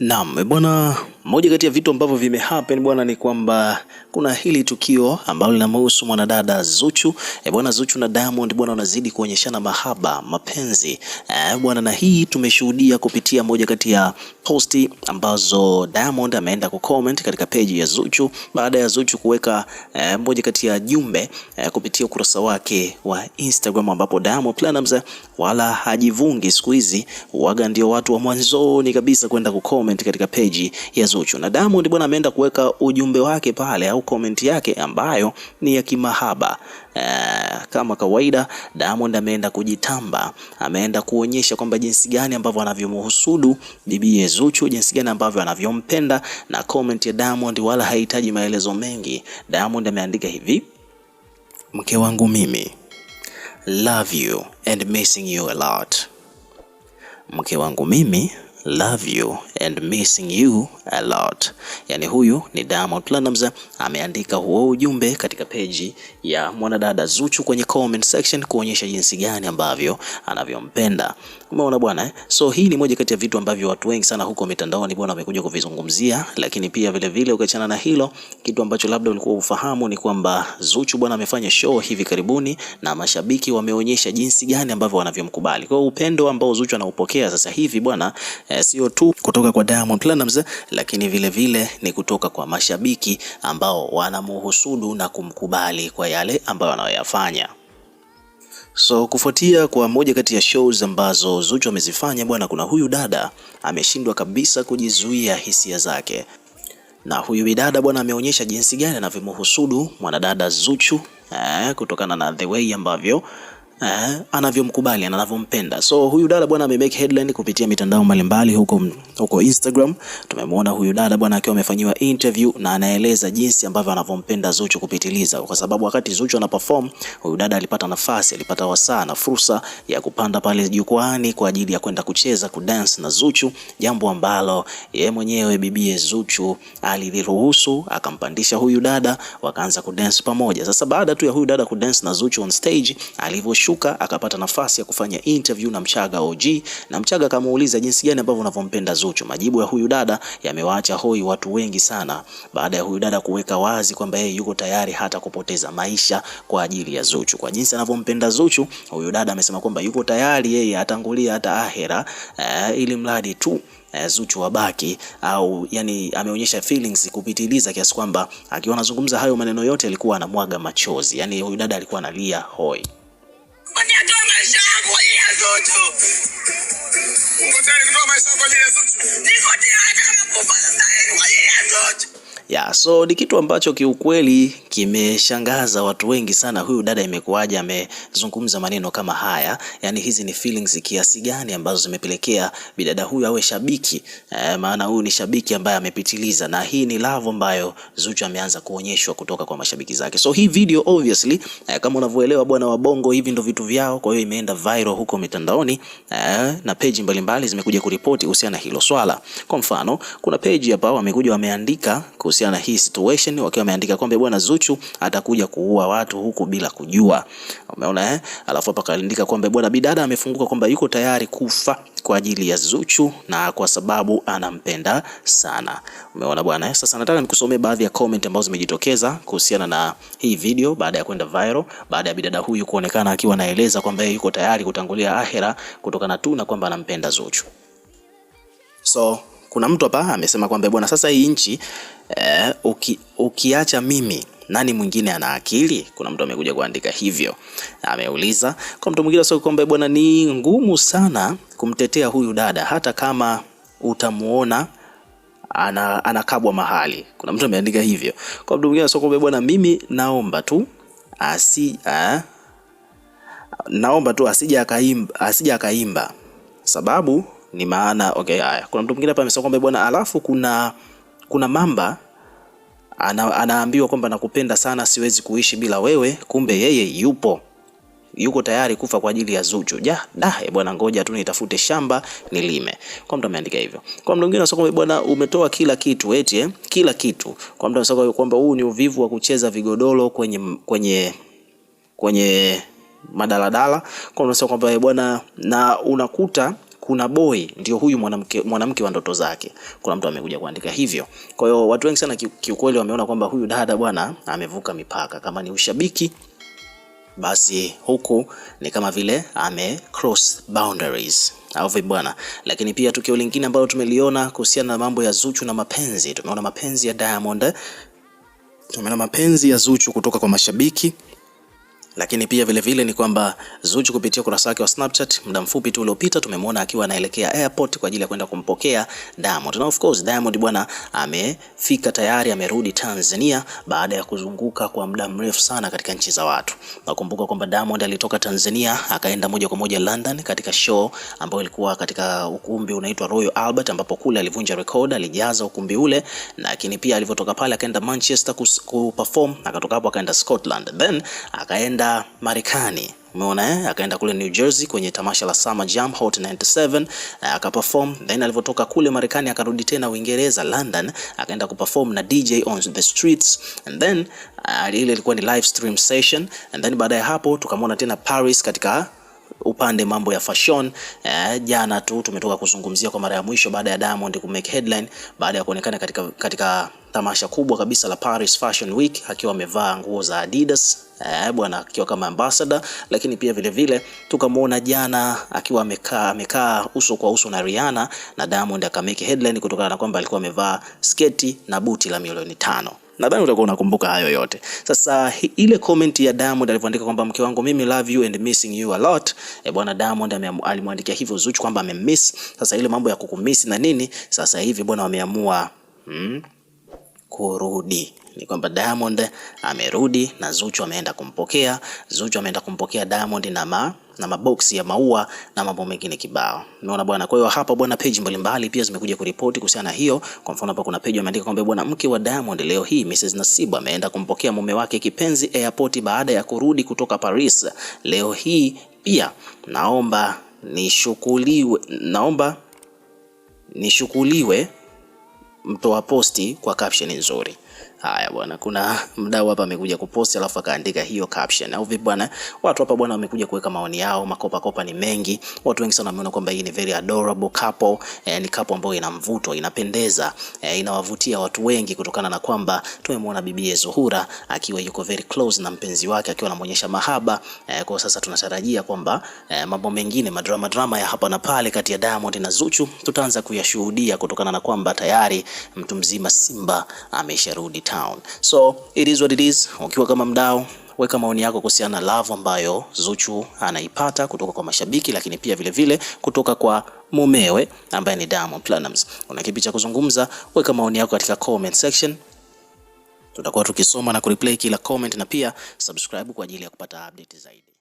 Naam, bwana, moja kati ya vitu ambavyo happen bwana ni kwamba kuna hili tukio ambalo linamhusu mwanadada Zuchu. E bwana, Zuchu na Diamond bwana wanazidi kuonyeshana mahaba, mapenzi. E bwana, na hii tumeshuhudia kupitia moja kati ya posti ambazo Diamond ameenda kucomment katika peji ya Zuchu baada ya Zuchu kuweka eh, moja kati ya jumbe eh, kupitia ukurasa wake wa Instagram ambapo Diamond Platinumz eh, wala hajivungi siku hizi, waga ndio watu wa mwanzoni kabisa kwenda kucomment katika peji ya Zuchu. Na Diamond bwana ameenda kuweka ujumbe wake pale au comment yake ambayo ni ya kimahaba. Uh, kama kawaida Diamond ameenda kujitamba, ameenda kuonyesha kwamba jinsi gani ambavyo anavyomhusudu bibi Zuchu jinsi gani ambavyo anavyompenda na comment ya Diamond wala haihitaji maelezo mengi. Diamond ameandika hivi: mke wangu mimi love you and missing you a lot. Mke wangu mimi love you and missing you a lot. Yani huyu ni Diamond Platnumz ameandika huo ujumbe katika peji ya mwanadada Zuchu kwenye comment section kuonyesha jinsi gani ambavyo anavyompenda. Umeona bwana eh? So hii ni moja kati ya vitu ambavyo watu wengi sana huko mitandaoni bwana wamekuja kuvizungumzia, lakini pia vile vile ukiachana na hilo, kitu ambacho labda ulikuwa ufahamu ni kwamba Zuchu bwana amefanya show hivi karibuni na mashabiki wameonyesha jinsi gani ambavyo wanavyomkubali. Kwa upendo ambao Zuchu anaupokea sasa hivi bwana eh, sio tu kutoka kwa Diamond Platnumz lakini vile vile ni kutoka kwa mashabiki ambao wanamuhusudu na kumkubali kwa yale ambayo anayoyafanya. So kufuatia kwa moja kati ya shows ambazo Zuchu amezifanya bwana, kuna huyu dada ameshindwa kabisa kujizuia hisia zake, na huyu bidada bwana ameonyesha jinsi gani anavyomuhusudu mwanadada Zuchu eh, kutokana na the way ambavyo eh, anavyomkubali anavyompenda. So huyu dada bwana amemake headline kupitia mitandao mbalimbali huko, huko Instagram. Tumemwona huyu dada bwana akiwa amefanyiwa interview na anaeleza jinsi ambavyo anavyompenda Zuchu kupitiliza, kwa sababu wakati Zuchu perform, huyu dada alipata nafasi, alipata wasaa na fursa ya kupanda pale jukwaani kwa ajili ya kwenda kucheza ku dance na Zuchu, jambo ambalo yeye mwenyewe bibie Zuchu aliliruhusu, akampandisha huyu dada, wakaanza ku dance pamoja. Sasa baada tu ya huyu dada ku dance na Zuchu on stage alivyo alishuka akapata nafasi ya kufanya interview na Mchaga OG, na Mchaga akamuuliza jinsi gani ambavyo unavyompenda Zuchu. Majibu ya huyu dada yamewaacha hoi watu wengi sana, baada ya huyu dada kuweka wazi kwamba yeye yuko tayari hata kupoteza maisha kwa ajili ya Zuchu. Kwa jinsi anavyompenda Zuchu, huyu dada amesema kwamba yuko tayari yeye atangulia hata ahera, eh, ili mradi tu eh, Zuchu wabaki au yani, ameonyesha feelings kupitiliza kiasi kwamba akiwa anazungumza hayo maneno yote alikuwa anamwaga machozi, yani huyu dada alikuwa analia hoi. Niko tayari kutoa maisha yangu kwa ajili ya Zuchu. Niko tayari kama kufa sasa hivi kwa ajili ya Zuchu. ya so ni kitu ambacho kiukweli kimeshangaza watu wengi sana. Huyu dada imekuwaje amezungumza maneno kama haya? Yani hizi ni feelings kiasi gani ambazo zimepelekea bidada huyu awe shabiki eh? Maana huyu ni shabiki ambaye amepitiliza, na hii ni love ambayo Zuchu ameanza kuonyeshwa kutoka kwa mashabiki zake. So hii video obviously, eh, kama unavyoelewa bwana wa Bongo, hivi ndo vitu vyao, kwa hiyo imeenda viral huko mitandaoni eh, na page mbalimbali zimekuja kuripoti kuhusiana hilo swala. Kwa mfano kuna page hapa wamekuja wameandika kuhusiana na hii situation, wakiwa wameandika kwamba bwana Zuchu atakuja kuua watu huku bila kujua, umeona eh? Alafu hapa kaandika kwamba bwana Bidada amefunguka kwamba yuko tayari kufa kwa ajili ya Zuchu na kwa sababu anampenda sana, umeona bwana eh? Sasa nataka nikusomee baadhi ya comment ambazo zimejitokeza kuhusiana na hii video baada ya kwenda viral, baada ya bidada huyu kuonekana akiwa anaeleza kwamba yeye yuko tayari kutangulia ahera kutokana tu na kwamba anampenda Zuchu so kuna mtu hapa amesema kwamba bwana, sasa hii nchi eh, uki, ukiacha mimi nani mwingine ana akili? Kuna mtu amekuja kuandika hivyo, ameuliza kwa mtu mwingine sio kwamba bwana, ni ngumu sana kumtetea huyu dada, hata kama utamuona ana, anakabwa mahali. Kuna mtu ameandika hivyo. Kwa mtu mwingine sio kwamba bwana, mimi naomba tu asi eh, naomba tu asija akaimba, asija akaimba sababu ni maana okay. Haya, kuna mtu mwingine hapa amesema kwamba bwana, alafu kuna kuna mamba ana, anaambiwa kwamba nakupenda sana, siwezi kuishi bila wewe, kumbe yeye yupo yuko tayari kufa kwa ajili ya Zuchu. Ja, da e bwana, ngoja tu nitafute shamba nilime. Kwa mtu ameandika hivyo. Kwa mtu mwingine anasema bwana, umetoa kila kitu eti eh, kila kitu. Kwa mtu anasema kwamba huu ni uvivu wa kucheza vigodoro kwenye kwenye kwenye madaladala. Kwa mtu anasema kwamba eh, bwana, na unakuta kuna boy ndio huyu mwanamke mwanamke wa ndoto zake. Kuna mtu amekuja kuandika hivyo. Kwa hiyo watu wengi sana kiukweli wameona kwamba huyu dada bwana amevuka mipaka, kama ni ushabiki basi huku ni kama vile ame cross boundaries au vipi bwana. Lakini pia tukio lingine ambalo tumeliona kuhusiana na mambo ya Zuchu na mapenzi, tumeona mapenzi ya Diamond, tumeona mapenzi ya Zuchu kutoka kwa mashabiki lakini pia vilevile vile ni kwamba Zuchu kupitia ukurasa wake wa Snapchat muda mfupi tu uliopita tumemwona akiwa anaelekea airport kwa ajili ya kwenda kumpokea Diamond. Na of course Diamond bwana amefika tayari, amerudi Tanzania baada ya kuzunguka kwa muda mrefu sana katika nchi za watu. Nakumbuka kwamba Diamond alitoka Tanzania akaenda moja kwa moja London katika show ambayo ilikuwa katika ukumbi unaitwa Royal Albert, ambapo kule alivunja record, alijaza ukumbi ule, lakini pia alivyotoka pale akaenda Manchester kuperform, akatoka hapo akaenda Scotland, then akaenda akaenda Marekani. Umeona eh? Akaenda kule New Jersey kwenye tamasha la Summer Jam Hot 97 eh, perform, then alivyotoka kule Marekani akarudi tena Uingereza London, akaenda kuperform na DJ on the streets and then ah, ile ilikuwa ni live stream session and then baada ya hapo tukamwona tena Paris katika upande mambo ya fashion eh, jana tu tumetoka kuzungumzia kwa mara ya mwisho baada ya Diamond ku make headline baada ya kuonekana katika, katika tamasha kubwa kabisa la Paris Fashion Week akiwa amevaa nguo za Adidas eh, bwana akiwa kama ambassador, lakini pia vile vile tukamwona jana akiwa amekaa amekaa uso kwa uso na Rihanna na Diamond akameke headline kutokana na kwamba alikuwa amevaa sketi na buti la milioni tano. Nadhani utakuwa unakumbuka hayo yote. Sasa ile comment ya Diamond alivyoandika kwamba mke wangu mimi love you and missing you a lot. E, bwana Diamond alimwandikia hivyo Zuchu kwamba amemiss. Sasa ile mambo ya kukumiss na nini, sasa hivi bwana wameamua hmm, kurudi ni kwamba Diamond amerudi na Zuchu ameenda kumpokea. Zuchu ameenda kumpokea Diamond na ma na maboksi ya maua na mambo mengine kibao. Unaona bwana. Kwa hiyo hapa bwana, page mbalimbali pia zimekuja kuripoti kuhusiana hiyo. Kwa mfano hapa kuna page imeandika kwamba bwana, mke wa Diamond leo hii Mrs Nasibu ameenda kumpokea mume wake kipenzi airport baada ya kurudi kutoka Paris. Leo hii pia naomba nishukuliwe, naomba nishukuliwe mtoa posti kwa caption nzuri. Haya bwana, kuna mdau hapa amekuja kupost alafu akaandika hiyo caption au vipi bwana? Watu hapa bwana wamekuja kuweka maoni yao, makopa kopa ni mengi. Watu wengi sana wameona kwamba hii ni very adorable couple, eh, ni couple ambayo ina mvuto, inapendeza, eh, inawavutia watu wengi kutokana na kwamba tumemwona bibi Zuhura akiwa yuko very close na mpenzi wake akiwa anamuonyesha mahaba. Eh, kwa sasa tunatarajia kwamba eh, mambo mengine madrama drama ya hapa na pale kati ya Diamond na Zuchu tutaanza kuyashuhudia kutokana na kwamba tayari mtu mzima Simba amesharudi town. So it is what it is. Ukiwa kama mdau, weka maoni yako kuhusiana na love ambayo Zuchu anaipata kutoka kwa mashabiki, lakini pia vilevile vile kutoka kwa mumewe ambaye ni Diamond Platnumz. Una kipi cha kuzungumza? Weka maoni yako katika comment section, tutakuwa tukisoma na kureplay kila comment, na pia subscribe kwa ajili ya kupata update zaidi.